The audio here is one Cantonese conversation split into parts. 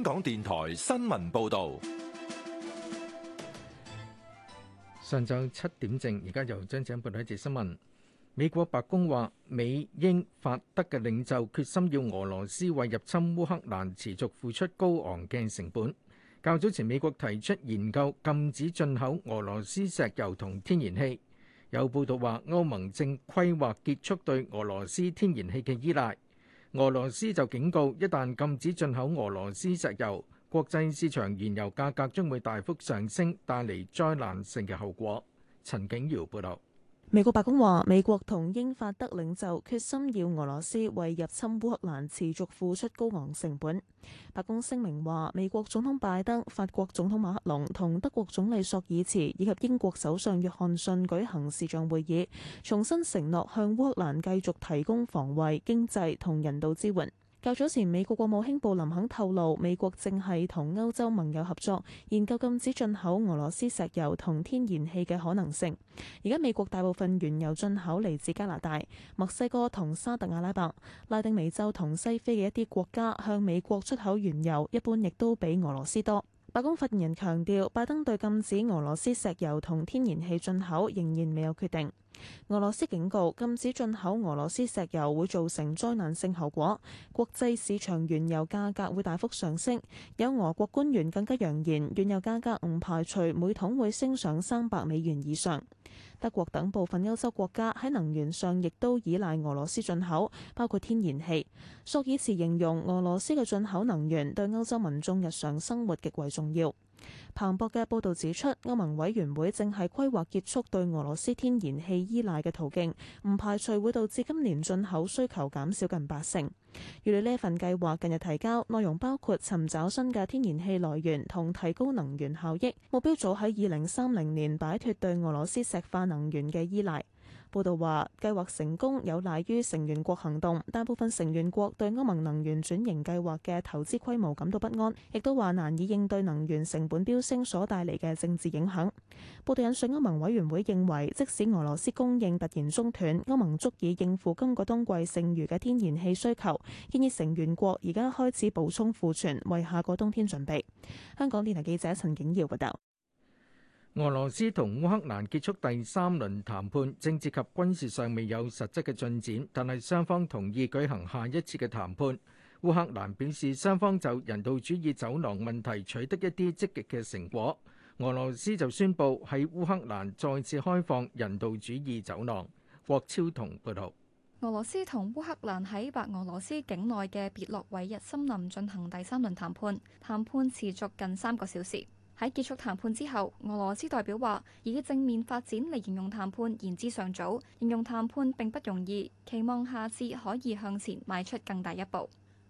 香港電台新聞報道，上晝七點正，而家由張景報道一節新聞。美國白宮話，美英法德嘅領袖決心要俄羅斯為入侵烏克蘭持續付出高昂嘅成本。較早前，美國提出研究禁止進口俄羅斯石油同天然氣。有報道話，歐盟正規劃結束對俄羅斯天然氣嘅依賴。俄羅斯就警告，一旦禁止進口俄羅斯石油，國際市場燃油價格將會大幅上升，帶嚟災難性嘅後果。陳景瑤報道。美國白宮話，美國同英法德領袖決心要俄羅斯為入侵烏，烏克蘭持續付出高昂成本。白宮聲明話，美國總統拜登、法國總統馬克龍同德國總理朔爾茨以及英國首相約翰遜舉行視像會議，重新承諾向烏克蘭繼續提供防衛、經濟同人道支援。較早前，美國國務卿布林肯透露，美國正係同歐洲盟友合作，研究禁止進口俄羅斯石油同天然氣嘅可能性。而家美國大部分原油進口嚟自加拿大、墨西哥同沙特阿拉伯、拉丁美洲同西非嘅一啲國家，向美國出口原油一般亦都比俄羅斯多。白宮發言人強調，拜登對禁止俄羅斯石油同天然氣進口仍然未有決定。俄羅斯警告禁止進口俄羅斯石油會造成災難性後果，國際市場原油價格會大幅上升。有俄國官員更加揚言，原油價格唔排除每桶會升上三百美元以上。德國等部分歐洲國家喺能源上亦都依賴俄羅斯進口，包括天然氣。索爾茨形容俄羅斯嘅進口能源對歐洲民眾日常生活極為重要。彭博嘅報道指出，歐盟委員會正係規劃結束對俄羅斯天然氣依賴嘅途徑，唔排除會導致今年進口需求減少近八成。預料呢份計劃近日提交，內容包括尋找新嘅天然氣來源同提高能源效益，目標早喺二零三零年擺脫對俄羅斯石化能源嘅依賴。報道話，計劃成功有賴於成員國行動，大部分成員國對歐盟能源轉型計劃嘅投資規模感到不安，亦都話難以應對能源成本飆升所帶嚟嘅政治影響。報道引述歐盟委員會認為，即使俄羅斯供應突然中斷，歐盟足以應付今個冬季剩餘嘅天然氣需求，建議成員國而家開始補充庫存，為下個冬天準備。香港電台記者陳景耀報道。俄羅斯同烏克蘭結束第三輪談判，政治及軍事尚未有實質嘅進展，但係雙方同意舉行下一次嘅談判。烏克蘭表示雙方就人道主義走廊問題取得一啲積極嘅成果。俄羅斯就宣布喺烏克蘭再次開放人道主義走廊。郭超同報道。俄羅斯同烏克蘭喺白俄羅斯境內嘅別洛韋日森林進行第三輪談判，談判持續近三個小時。喺結束談判之後，俄羅斯代表話以正面發展嚟形容談判言之尚早，形容談判並不容易，期望下次可以向前邁出更大一步。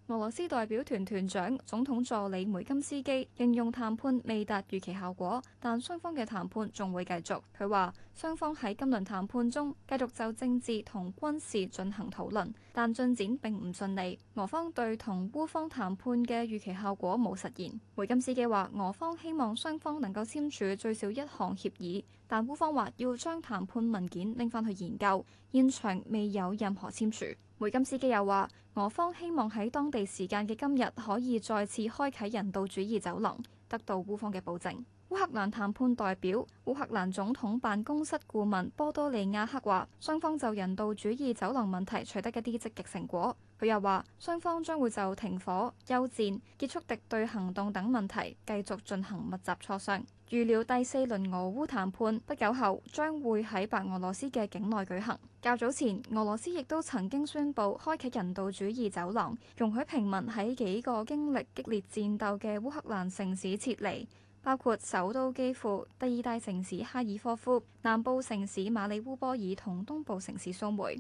俄羅斯代表團團長、總統助理梅金斯基形容談判未達預期效果，但雙方嘅談判仲會繼續。佢話雙方喺今輪談判中繼續就政治同軍事進行討論。但進展並唔順利，俄方對同烏方談判嘅預期效果冇實現。梅金斯基話：俄方希望雙方能夠簽署最少一項協議，但烏方話要將談判文件拎翻去研究，現場未有任何簽署。梅金斯基又話：俄方希望喺當地時間嘅今日可以再次開啟人道主義走廊，得到烏方嘅保證。烏克蘭談判代表、烏克蘭總統辦公室顧問波多利亞克話：雙方就人道主義走廊問題取得一啲積極成果。佢又話，雙方將會就停火、休戰、結束敵對行動等問題繼續進行密集磋商。預料第四輪俄烏談判不久後將會喺白俄羅斯嘅境內舉行。較早前，俄羅斯亦都曾經宣布開啟人道主義走廊，容許平民喺幾個經歷激烈戰鬥嘅烏克蘭城市撤離。包括首都基輔、第二大城市哈爾科夫、南部城市馬里烏波爾同東部城市蘇梅，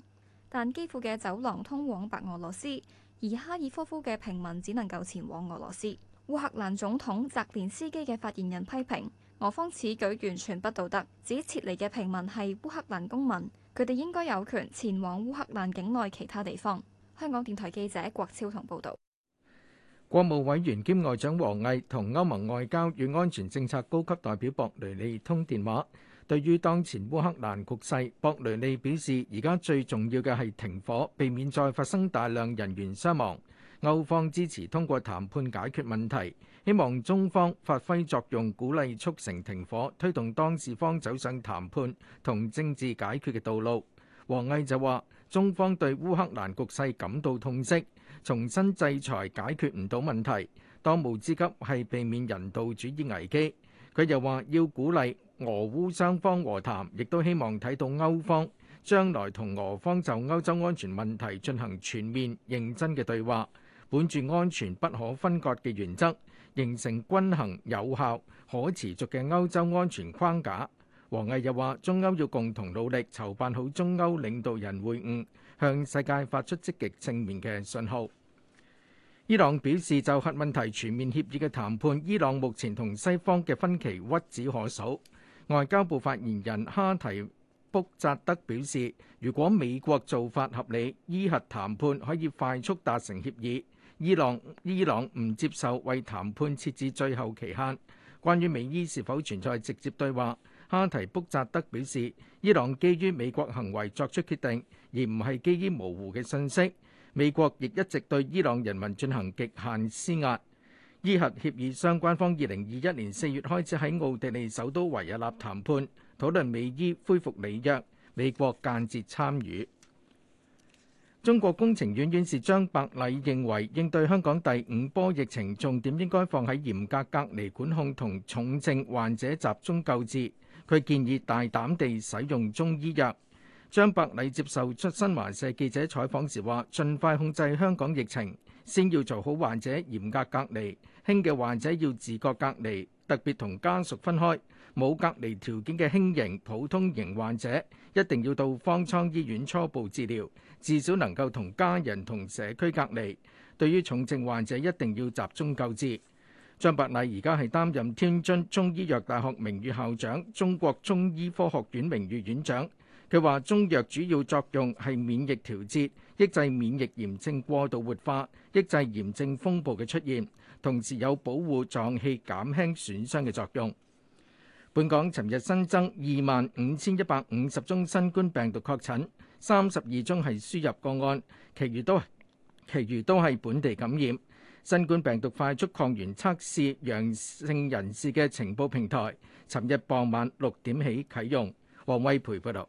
但基輔嘅走廊通往白俄羅斯，而哈爾科夫嘅平民只能夠前往俄羅斯。烏克蘭總統澤連斯基嘅發言人批評俄方此舉完全不道德，指撤離嘅平民係烏克蘭公民，佢哋應該有權前往烏克蘭境內其他地方。香港電台記者郭超同報導。國務委員兼外長王毅同歐盟外交與安全政策高級代表博雷利通電話，對於當前烏克蘭局勢，博雷利表示，而家最重要嘅係停火，避免再發生大量人員傷亡。歐方支持通過談判解決問題，希望中方發揮作用，鼓勵促成停火，推動當事方走上談判同政治解決嘅道路。王毅就話，中方對烏克蘭局勢感到痛惜，重新制裁解決唔到問題，當務之急係避免人道主義危機。佢又話要鼓勵俄烏雙方和談，亦都希望睇到歐方將來同俄方就歐洲安全問題進行全面認真嘅對話，本住安全不可分割嘅原則，形成均衡、有效、可持續嘅歐洲安全框架。王毅又話：中歐要共同努力籌辦好中歐領導人會晤，向世界發出積極正面嘅信號。伊朗表示就核問題全面協議嘅談判，伊朗目前同西方嘅分歧屈指可數。外交部發言人哈提卜扎德表示，如果美國做法合理，伊核談判可以快速達成協議。伊朗伊朗唔接受為談判設置最後期限。關於美伊是否存在直接對話，哈提卜扎德表示，伊朗基於美國行為作出決定，而唔係基於模糊嘅信息。美國亦一直對伊朗人民進行極限施壓。伊核協議相關方2021年4月開始喺奧地利首都維也納談判，討論美伊恢復履約。美國間接參與。中國工程院院士張伯禮認為，應對香港第五波疫情，重點應該放喺嚴格隔離管控同重症患者集中救治。佢建議大膽地使用中醫藥。張伯禮接受出新華社記者採訪時話：「盡快控制香港疫情，先要做好患者嚴格隔離，輕嘅患者要自覺隔離，特別同家屬分開。冇隔離條件嘅輕型、普通型患者，一定要到方艙醫院初步治療，至少能夠同家人同社區隔離。對於重症患者，一定要集中救治。張伯禮而家係擔任天津中醫藥大學名譽校長、中國中醫科學院名譽院長。佢話：中藥主要作用係免疫調節，抑制免疫炎症過度活化，抑制炎症風暴嘅出現，同時有保護臟器、減輕損傷嘅作用。本港尋日新增二萬五千一百五十宗新冠病毒確診，三十二宗係輸入個案，其餘都其餘都係本地感染。新冠病毒快速抗原測試陽性人士嘅情報平台，尋日傍晚六點起啟用。王威培報道。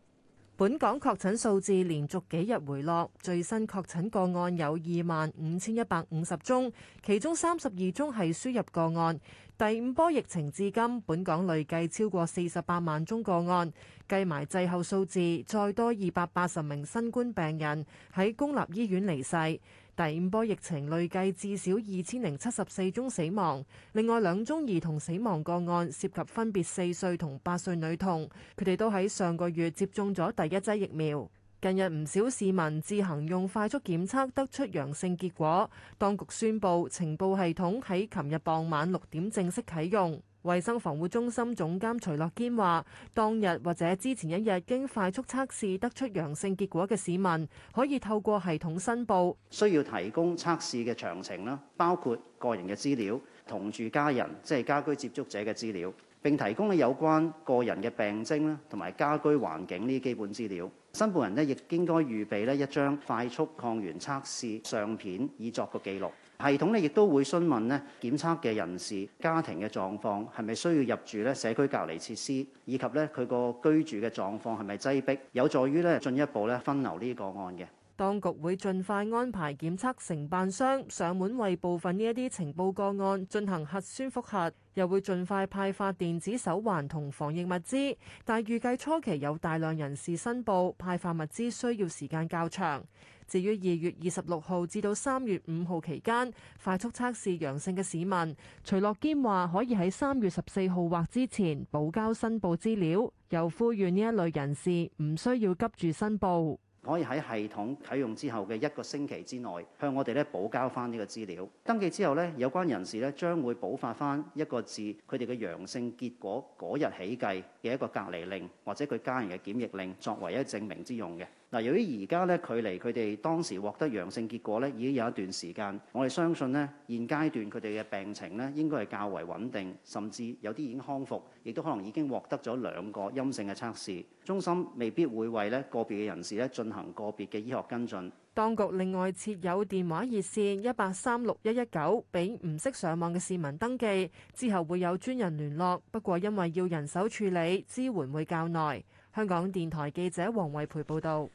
本港確診數字連續幾日回落，最新確診個案有二萬五千一百五十宗，其中三十二宗係輸入個案。第五波疫情至今，本港累計超過四十八萬宗個案，計埋滯後數字，再多二百八十名新冠病人喺公立醫院離世。第五波疫情累計至少二千零七十四宗死亡，另外兩宗兒童死亡個案涉及分別四歲同八歲女童，佢哋都喺上個月接種咗第一劑疫苗。近日唔少市民自行用快速檢測得出陽性結果，當局宣布情報系統喺琴日傍晚六點正式啟用。衛生防護中心總監徐樂堅話，當日或者之前一日經快速測試得出陽性結果嘅市民，可以透過系統申報，需要提供測試嘅詳情啦，包括個人嘅資料、同住家人，即係家居接觸者嘅資料，並提供有關個人嘅病徵啦，同埋家居環境呢啲基本資料。申報人咧，亦應該預備咧，一張快速抗原測試相片，以作個記錄。系統呢亦都會詢問呢檢測嘅人士家庭嘅狀況，係咪需要入住社區隔離設施，以及呢佢個居住嘅狀況係咪擠迫，有助於呢進一步分流呢個案嘅。當局會盡快安排檢測承辦商上門為部分呢一啲呈報個案進行核酸複核，又會盡快派發電子手環同防疫物資。但預計初期有大量人士申報，派發物資需要時間較長。至於二月二十六號至到三月五號期間快速測試陽性嘅市民，徐樂堅話可以喺三月十四號或之前補交申報資料，又呼籲呢一類人士唔需要急住申報。可以喺系統啟用之後嘅一個星期之內，向我哋呢補交返呢個資料。登記之後呢，有關人士呢，將會補發返一個自佢哋嘅陽性結果嗰日起計嘅一個隔離令或者佢家人嘅檢疫令，作為一個證明之用嘅。嗱，由於而家咧，距離佢哋當時獲得陽性結果咧，已經有一段時間。我哋相信咧，現階段佢哋嘅病情咧，應該係較為穩定，甚至有啲已經康復，亦都可能已經獲得咗兩個陰性嘅測試。中心未必會為咧個別嘅人士咧進行個別嘅醫學跟進。當局另外設有電話熱線一八三六一一九，俾唔識上網嘅市民登記，之後會有專人聯絡。不過因為要人手處理支援會較耐。香港電台記者黃惠培報導。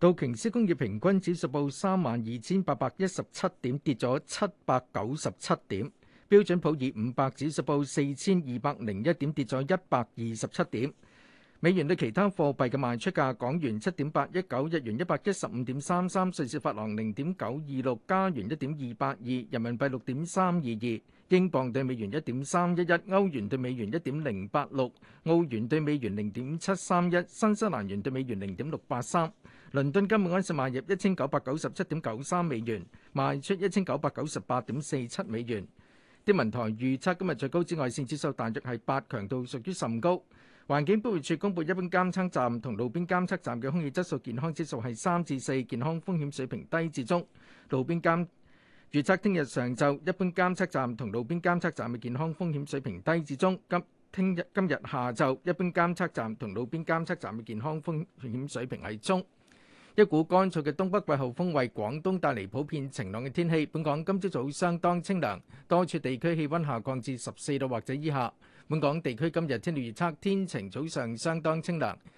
道瓊斯工業平均指數報三萬二千八百一十七點，跌咗七百九十七點。標準普爾五百指數報四千二百零一點，跌咗一百二十七點。美元對其他貨幣嘅賣出價：港元七點八一九，日元一百一十五點三三，瑞士法郎零點九二六，加元一點二八二，人民幣六點三二二。英鎊兌美元一點三一一，歐元兌美元一點零八六，澳元兌美元零點七三一，新西蘭元兌美元零點六八三。倫敦金每安士買入一千九百九十七點九三美元，賣出一千九百九十八點四七美元。天文台預測今日最高紫外線指數大約係八強度，屬於甚高。環境保護署公布，一般監測站同路邊監測站嘅空氣質素健康指數係三至四，健康風險水平低至中。路邊監預測聽日上晝一般監測站同路邊監測站嘅健康風險水平低至中。今聽日今日下晝一般監測站同路邊監測站嘅健康風險水平係中。一股乾燥嘅東北季候風為廣東帶嚟普遍晴朗嘅天氣。本港今朝早，早相當清涼，多處地區氣溫下降至十四度或者以下。本港地區今日天氣預測天晴，早上相當清涼。